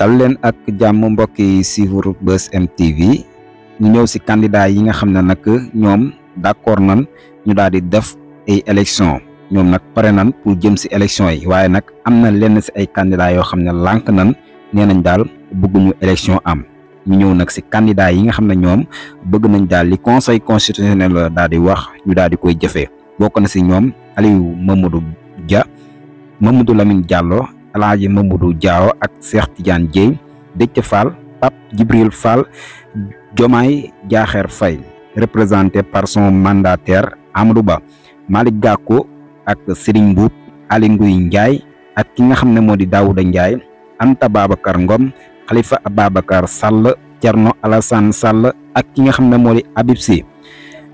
dal ak jamm mbokk yi ci Buzz bus mtv ñu ñew si candidat yi nga xamne nak ñom d'accord nan ñu daldi di def ay élection ñom nak paré nan pour jëm si élection yi waye nak amna lenn si ay candidat yo xamne lank nan nenañ dal ñu élection am ñu ñew nak si candidat yi nga xamne ñom bëgg nañ dal li conseil constitutionnel daldi di wax ñu daldi koy jëfé bokk na si ñom Aliou Mamadou Dia Mamadou Lamine Diallo alaaji Mamadou Diaw ak Cheikh Tidiane Dieye Déthié Fall Pape Djibril Fall Diomaye Diakhar Faye représenté par son mandataire Amadou Ba Malick Gakou ak Serigne Mboup Aly Ndiaye ak ki nga xam ne moo di Daouda Ndiaye Anta Babacar Ngom Khalifa Ababacar Sall Thierno Alassane Sall ak ki nga xam ne moo di Habib Sy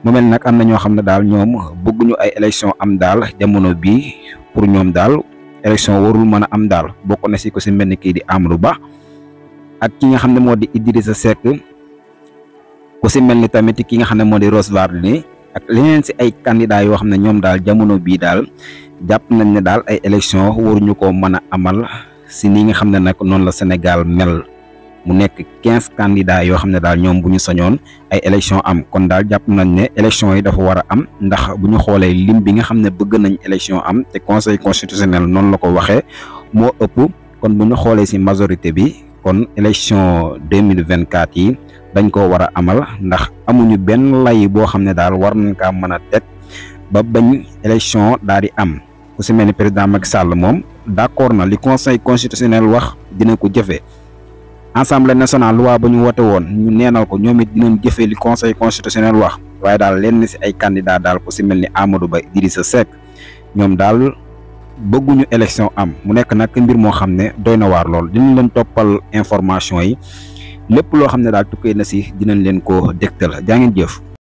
mu mel am na ñoo xam ne daal ñoom bëgguñu ay élection am daal jamono bi pour ñoom daal élection warul mën a am daal bokk na si ko si mel ni kii di Amadou Ba ak ki nga xam ne moo di Idrissa Seck ku si mel ni tamit ki nga xam ne moo di Rose Wardini ak leneen si ay candidats yoo xam ne ñoom daal jamono bii daal jàpp nañ ne daal ay élection waruñu ko mën a amal si ni nga xam ne nag noonu la Sénégal mel. mu nekk quinze candidats yoo xam ne daal ñoom bu ñu sañoon ay élection am kon daal jàpp nañ ne élection yi dafa war a am ndax bu ñu xoolee lim bi nga xam ne bëgg nañ élection am te conseil constitutionnel noonu la ko waxee moo ëpp kon bu ñu xoolee ci majorité bi kon vingt 2024 yi dañ koo war a amal ndax amuñu benn lay boo xam ne daal war nañ kaa mën a teg ba bañ élection daal di am ku ci mel ni président Macky Sall moom d'accord na li conseil constitutionnel wax dina ko jëfee assemblée nationale waa ba ñu wote woon ñu neenal ko ñoom it dinañ jëfee li conseil constitutionnel wax waaye daal lenn si ay candidat daal ko si mel ni Amadou Ba sa Seck ñoom daal bëgguñu élection am mu nekk nag mbir moo xam ne doy na waar lool dinañ leen toppal information yi lépp loo xam ne daal tukkee na si dinañ leen ko dégtal jaa ngeen jëf.